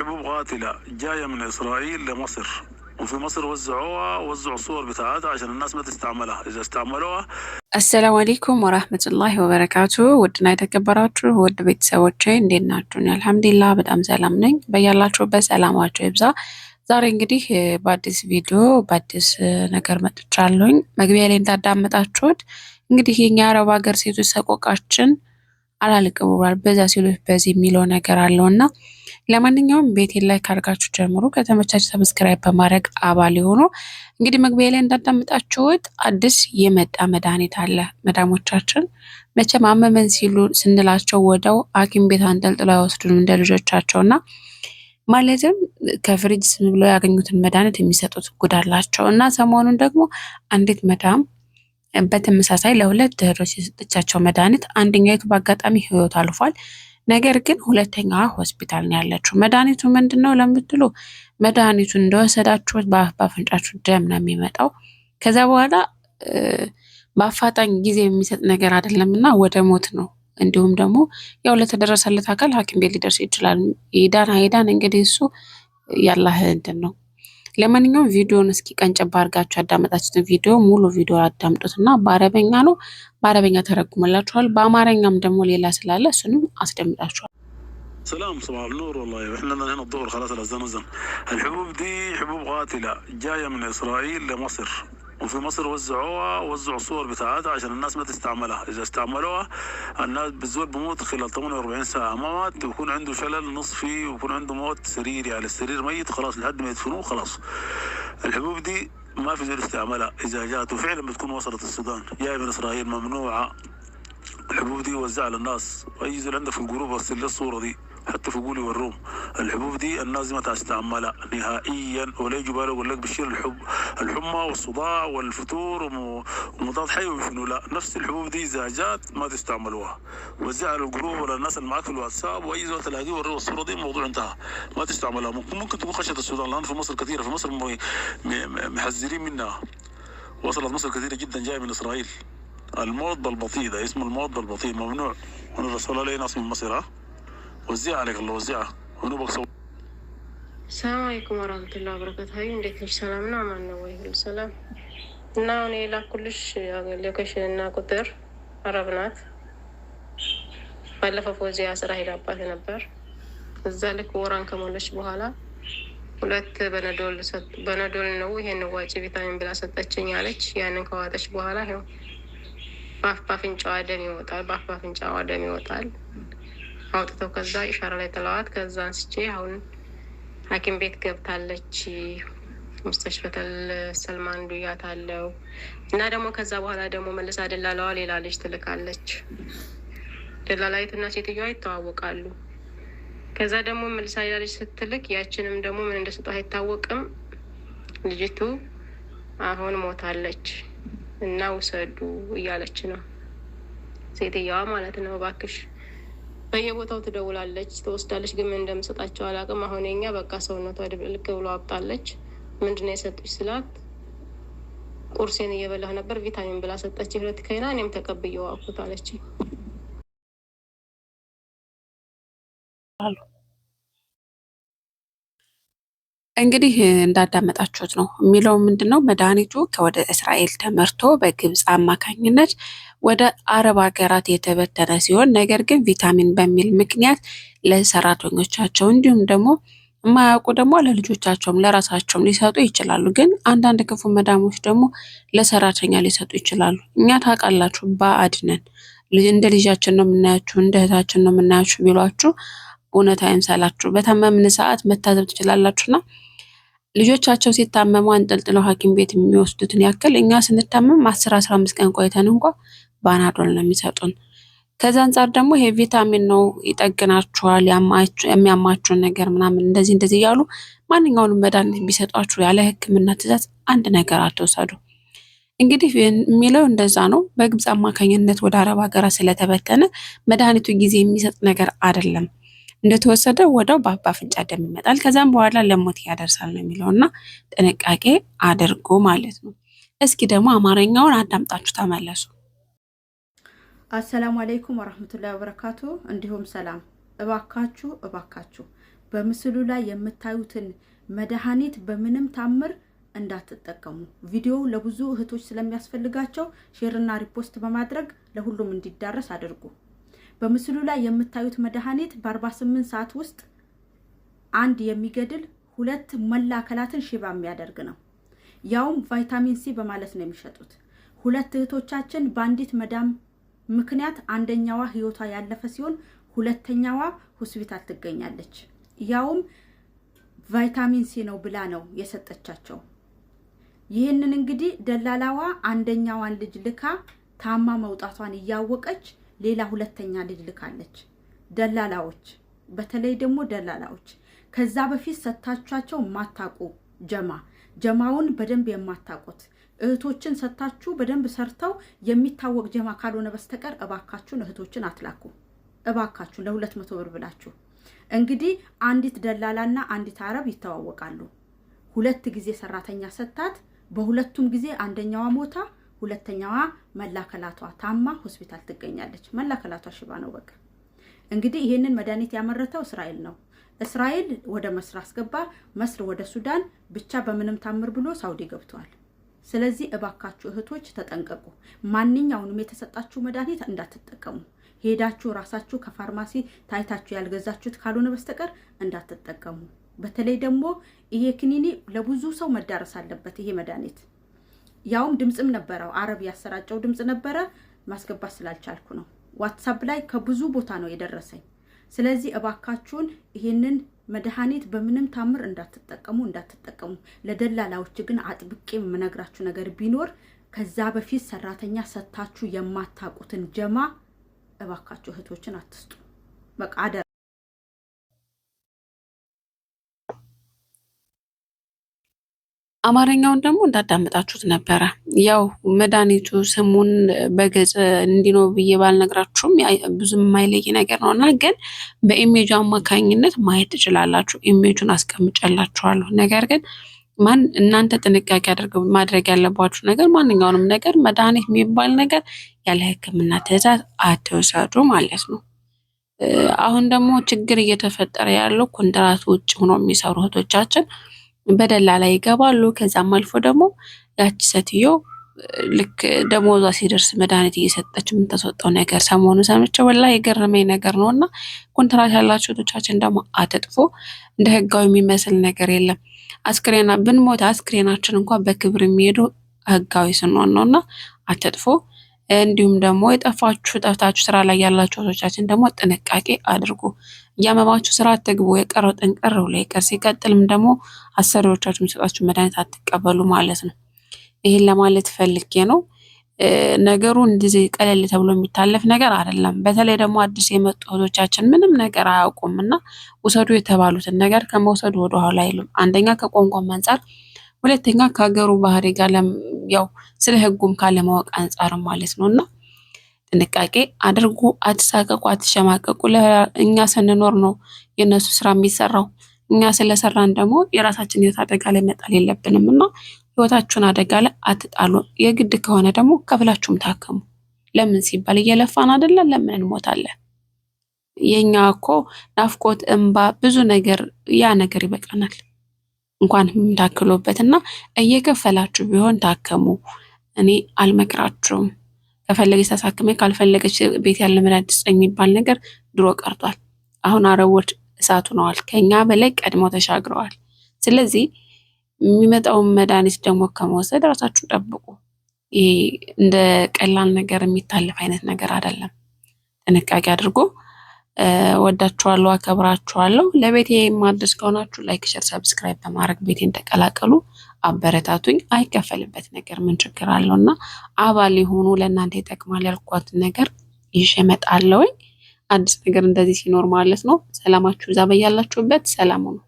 حبوب قاتلة جاية من إسرائيل لمصر وفي مصر وزعوها وزعوا الصور بتاعتها عشان الناس ما تستعملها إذا استعملوها አሰላሙ አሌይኩም ወራህመቱላሂ ወበረካቱ ውድና የተከበራችሁ ውድ ቤተሰቦቼ እንዴት ናችሁን? አልሐምዱሊላ በጣም ሰላም ነኝ። በያላችሁበት ሰላማችሁ ይብዛ። ዛሬ እንግዲህ በአዲስ ቪዲዮ በአዲስ ነገር መጥቻለሁኝ። መግቢያ ላይ እንዳዳመጣችሁት እንግዲህ የኛ አረብ ሀገር ሴቶች ሰቆቃችን አላልቅ ብሏል። በዛ ሲሉት በዚህ የሚለው ነገር አለው እና ለማንኛውም ቤቴን ላይ ካርጋችሁ ጀምሮ ከተመቻች ሰብስክራይብ በማድረግ አባል የሆኑ እንግዲህ መግቢያ ላይ እንዳዳምጣችሁት አዲስ የመጣ መድኃኒት አለ። መዳሞቻችን መቼም አመመን ሲሉ ስንላቸው ወደው ሐኪም ቤት አንጠልጥለው አይወስዱን እንደ ልጆቻቸው እና ማለትም ከፍሪጅ ስም ብለው ያገኙትን መድኃኒት የሚሰጡት ጉዳላቸው እና ሰሞኑን ደግሞ አንዲት መዳም በተመሳሳይ ለሁለት እህቶች የሰጠቻቸው መድኃኒት አንደኛይቱ በአጋጣሚ ህይወት አልፏል። ነገር ግን ሁለተኛዋ ሆስፒታል ነው ያለችው። መድኃኒቱ ምንድን ነው ለምትሉ መድኃኒቱ እንደወሰዳችሁት በአፍ በአፍንጫችሁ ደም ነው የሚመጣው። ከዛ በኋላ በአፋጣኝ ጊዜ የሚሰጥ ነገር አይደለም እና ወደ ሞት ነው። እንዲሁም ደግሞ ያው ለተደረሰለት አካል ሐኪም ቤት ሊደርስ ይችላል። የዳን እንግዲህ እሱ ያላህ እንትን ነው ለማንኛውም ቪዲዮውን እስኪ ቀንጨባ አድርጋችሁ ያዳመጣችሁትን ቪዲዮ ሙሉ ቪዲዮ አዳምጡት እና በአረበኛ ነው፣ በአረበኛ ተረጉመላችኋል። በአማርኛም ደግሞ ሌላ ስላለ እሱንም አስደምጣችኋል። سلام صباح النور والله احنا من هنا الظهر خلاص الاذان الحبوب دي حبوب قاتله جايه من اسرائيل لمصر وفي مصر وزعوها وزعوا صور بتاعتها عشان الناس ما تستعملها اذا استعملوها الناس بالزول بموت خلال 48 ساعه ما مات بيكون عنده شلل نصفي ويكون عنده موت سريري يعني السرير ميت خلاص لحد ما يدفنوه خلاص الحبوب دي ما في زول استعملها اذا جات وفعلا بتكون وصلت السودان جايه من اسرائيل ممنوعه الحبوب دي وزعها للناس اي زول عنده في الجروب ارسل لي الصوره دي حتى في قولي والروم الحبوب دي الناس ما تستعملها نهائيا ولا يجي بالك يقول لك بشيل الحب الحمى والصداع والفتور ومضاد حيوي وشنو لا نفس الحبوب دي اذا جات ما تستعملوها وزعها للجروب ولا الناس اللي معاك في الواتساب واي زول تلاقيه وريه الصوره دي الموضوع انتهى ما تستعملها ممكن ممكن تكون خشيه السودان لان في مصر كثيره في مصر محذرين منها وصلت مصر كثيره جدا جايه من اسرائيل الموضة البطيء ده اسمه الموضة البطيء ممنوع ونرسل عليه ناس من مصر ها ሰላም አለይኩም ወራህመቱላ በረከቱ። እንዴት ነሽ? ሰላም ና ማን ነው ወይ ሁሉ ሰላም እና አሁን የላኩልሽ ሎኬሽን እና ቁጥር አረብ ናት። ባለፈው ፎዚያ ስራ ሄዳባት ነበር። እዛ ልክ ወራን ከሞለች በኋላ ሁለት በነዶል ነው ይሄን ዋጭ ቪታሚን ብላ ሰጠችኝ አለች። ያንን ከዋጠች በኋላ ይኸው በአፍ በአፍንጫዋ ደም ይወጣል። በአፍ በአፍንጫዋ ደም ይወጣል። አውጥተው ከዛ ኢሻራ ላይ ጥለዋት ከዛ አንስቼ አሁን ሐኪም ቤት ገብታለች። ሙስተሽፈተል ሰልማን ዱያት አለው እና ደግሞ ከዛ በኋላ ደግሞ መልሳ ደላለዋ ሌላ ልጅ ትልካለች። ደላላይትና ሴትዮዋ ይተዋወቃሉ። ከዛ ደግሞ መልሳ ሌላ ልጅ ስትልክ ያችንም ደግሞ ምን እንደሰጠ አይታወቅም። ልጅቱ አሁን ሞታለች እና ውሰዱ እያለች ነው ሴትዮዋ ማለት ነው። እባክሽ በየቦታው ትደውላለች፣ ትወስዳለች። ግን ምን እንደምሰጣቸው አላውቅም። አሁን የኛ በቃ ሰውነቷ ልክ ብሎ አብጣለች። ምንድነው የሰጡች ስላት ቁርሴን እየበላህ ነበር ቪታሚን ብላ ሰጠች። ሁለት ከይና እኔም ተቀብዬ ዋኩት አለች። እንግዲህ እንዳዳመጣችሁት ነው የሚለው ምንድን ነው መድኃኒቱ ከወደ እስራኤል ተመርቶ በግብፅ አማካኝነት ወደ አረብ ሀገራት የተበተነ ሲሆን ነገር ግን ቪታሚን በሚል ምክንያት ለሰራተኞቻቸው እንዲሁም ደግሞ የማያውቁ ደግሞ ለልጆቻቸውም ለራሳቸውም ሊሰጡ ይችላሉ። ግን አንዳንድ ክፉ መዳሞች ደግሞ ለሰራተኛ ሊሰጡ ይችላሉ። እኛ ታውቃላችሁ በአድነን እንደ ልጃችን ነው የምናያችሁ፣ እንደ እህታችን ነው የምናያችሁ ቢሏችሁ እውነት አይምሰላችሁ። በታመምን ሰዓት መታዘብ ትችላላችሁና ልጆቻቸው ሲታመሙ አንጠልጥለው ሐኪም ቤት የሚወስዱትን ያክል እኛ ስንታመም አስር አስራ አምስት ቀን ቆይተን እንኳ ባናዶል ነው የሚሰጡን። ከዛ አንጻር ደግሞ ይሄ ቪታሚን ነው ይጠግናችኋል፣ የሚያማችሁን ነገር ምናምን እንደዚህ እንደዚህ እያሉ ማንኛውንም መድኃኒት ቢሰጧችሁ ያለ ሕክምና ትእዛዝ አንድ ነገር አትወሰዱ። እንግዲህ የሚለው እንደዛ ነው። በግብፅ አማካኝነት ወደ አረብ ሀገራት ስለተበተነ መድኃኒቱ ጊዜ የሚሰጥ ነገር አይደለም። እንደተወሰደ ወደው በአፍንጫ ደም ይመጣል፣ ከዛም በኋላ ለሞት ያደርሳል ነው የሚለውና ጥንቃቄ አድርጎ ማለት ነው። እስኪ ደግሞ አማርኛውን አዳምጣችሁ ተመለሱ። አሰላሙ አለይኩም ወራህመቱላሂ ወበረካቱ። እንዲሁም ሰላም። እባካችሁ እባካችሁ በምስሉ ላይ የምታዩትን መድኃኒት በምንም ታምር እንዳትጠቀሙ። ቪዲዮው ለብዙ እህቶች ስለሚያስፈልጋቸው ሼርና ሪፖስት በማድረግ ለሁሉም እንዲዳረስ አድርጉ። በምስሉ ላይ የምታዩት መድኃኒት በ48 ሰዓት ውስጥ አንድ የሚገድል ሁለት መላ አካላትን ሽባ የሚያደርግ ነው። ያውም ቫይታሚን ሲ በማለት ነው የሚሸጡት። ሁለት እህቶቻችን በአንዲት መዳም ምክንያት አንደኛዋ ህይወቷ ያለፈ ሲሆን ሁለተኛዋ ሆስፒታል ትገኛለች። ያውም ቫይታሚን ሲ ነው ብላ ነው የሰጠቻቸው። ይህንን እንግዲህ ደላላዋ አንደኛዋን ልጅ ልካ ታማ መውጣቷን እያወቀች ሌላ ሁለተኛ ልጅ ልካለች። ደላላዎች፣ በተለይ ደግሞ ደላላዎች ከዛ በፊት ሰታችኋቸው የማታውቁ ጀማ ጀማውን በደንብ የማታውቁት እህቶችን ሰታችሁ በደንብ ሰርተው የሚታወቅ ጀማ ካልሆነ በስተቀር እባካችሁን እህቶችን አትላኩ። እባካችሁን ለሁለት መቶ ብር ብላችሁ እንግዲህ አንዲት ደላላና አንዲት አረብ ይተዋወቃሉ። ሁለት ጊዜ ሰራተኛ ሰታት፣ በሁለቱም ጊዜ አንደኛዋ ሞታ ሁለተኛዋ መላከላቷ ታማ ሆስፒታል ትገኛለች። መላከላቷ ሽባ ነው። በቃ እንግዲህ ይህንን መድኃኒት ያመረተው እስራኤል ነው። እስራኤል ወደ መስር አስገባ፣ መስር ወደ ሱዳን፣ ብቻ በምንም ታምር ብሎ ሳውዲ ገብተዋል። ስለዚህ እባካችሁ እህቶች ተጠንቀቁ። ማንኛውንም የተሰጣችሁ መድኃኒት እንዳትጠቀሙ ሄዳችሁ ራሳችሁ ከፋርማሲ ታይታችሁ ያልገዛችሁት ካልሆነ በስተቀር እንዳትጠቀሙ። በተለይ ደግሞ ይሄ ክኒኒ ለብዙ ሰው መዳረስ አለበት ይሄ መድኃኒት ያውም ድምፅም ነበረው አረብ ያሰራጨው ድምፅ ነበረ። ማስገባት ስላልቻልኩ ነው። ዋትሳፕ ላይ ከብዙ ቦታ ነው የደረሰኝ። ስለዚህ እባካችሁን ይሄንን መድኃኒት በምንም ታምር እንዳትጠቀሙ እንዳትጠቀሙ። ለደላላዎች ግን አጥብቄ የምነግራችሁ ነገር ቢኖር ከዛ በፊት ሰራተኛ ሰታችሁ የማታውቁትን ጀማ እባካችሁ እህቶችን አትስጡ። በቃ አደራ። አማርኛውን ደግሞ እንዳዳመጣችሁት ነበረ። ያው መድኃኒቱ ስሙን በገጽ እንዲኖ ብዬ ባልነግራችሁም ብዙም የማይለይ ነገር ነው እና ግን በኢሜጁ አማካኝነት ማየት ትችላላችሁ። ኢሜጁን አስቀምጨላችኋለሁ። ነገር ግን ማን እናንተ ጥንቃቄ አድርገው ማድረግ ያለባችሁ ነገር ማንኛውንም ነገር መድኃኒት የሚባል ነገር ያለ ሕክምና ትዕዛዝ አትወሰዱ ማለት ነው። አሁን ደግሞ ችግር እየተፈጠረ ያለው ኮንትራት ውጭ ሆኖ የሚሰሩ እህቶቻችን በደላላ ይገባሉ። ከዛም አልፎ ደግሞ ያቺ ሴትዮ ልክ ደሞዟ ሲደርስ መድኃኒት እየሰጠች የምታስወጣው ነገር ሰሞኑ ሰምቼ ወላሂ የገረመኝ ነገር ነው። እና ኮንትራት ያላቸው ቶቻችን ደግሞ አትጥፎ እንደ ህጋዊ የሚመስል ነገር የለም። አስክሬና ብንሞት አስክሬናችን እንኳ በክብር የሚሄዱ ህጋዊ ስንሆን ነው እና አትጥፎ እንዲሁም ደግሞ የጠፋችሁ ጠፍታችሁ ስራ ላይ ያላችሁ ሰዎቻችን ደግሞ ጥንቃቄ አድርጉ። እያመማችሁ ስራ አትግቡ። የቀረው ጥንቅር ብሎ ይቀር። ሲቀጥልም ደግሞ አሰሪዎቻችሁ የሚሰጣችሁ መድኃኒት አትቀበሉ ማለት ነው። ይህን ለማለት ፈልጌ ነው። ነገሩ እንደዚህ ቀለል ተብሎ የሚታለፍ ነገር አይደለም። በተለይ ደግሞ አዲስ የመጡ እህቶቻችን ምንም ነገር አያውቁም እና ውሰዱ የተባሉትን ነገር ከመውሰዱ ወደኋላ አይሉም። አንደኛ ከቋንቋም አንጻር ሁለተኛ ከሀገሩ ባህሪ ጋር ያው ስለ ህጉም ካለማወቅ አንጻር ማለት ነው እና ጥንቃቄ አድርጉ። አትሳቀቁ፣ አትሸማቀቁ። እኛ ስንኖር ነው የእነሱ ስራ የሚሰራው። እኛ ስለሰራን ደግሞ የራሳችን ህይወት አደጋ ላይ መጣል የለብንም እና ህይወታችሁን አደጋ ላይ አትጣሉ። የግድ ከሆነ ደግሞ ከፍላችሁም ታከሙ። ለምን ሲባል እየለፋን አይደለ? ለምን እንሞታለን? የኛ እኮ ናፍቆት፣ እንባ፣ ብዙ ነገር ያ ነገር ይበቃናል። እንኳን ህመም ታክሎበት እና እየከፈላችሁ ቢሆን ታከሙ። እኔ አልመክራችሁም። ከፈለገች ታሳክመኝ፣ ካልፈለገች ቤት ያለ መድኃኒት ስጠኝ የሚባል ነገር ድሮ ቀርቷል። አሁን አረቦች እሳት ሆነዋል። ከኛ በላይ ቀድመው ተሻግረዋል። ስለዚህ የሚመጣውን መድኃኒት ደግሞ ከመውሰድ ራሳችሁ ጠብቁ። ይሄ እንደ ቀላል ነገር የሚታለፍ አይነት ነገር አይደለም። ጥንቃቄ አድርጎ ወዳችኋለሁ፣ አከብራችኋለሁ። ለቤት የማድረስ ከሆናችሁ ላይክ፣ ሸር፣ ሰብስክራይብ በማድረግ ቤቴን ተቀላቀሉ። አበረታቱኝ። አይከፈልበት ነገር ምን ችግር አለው እና አባል የሆኑ ለእናንተ ይጠቅማል ያልኳትን ነገር ይዤ አዲስ ነገር እንደዚህ ሲኖር ማለት ነው። ሰላማችሁ ዛበያላችሁበት ሰላም ነው።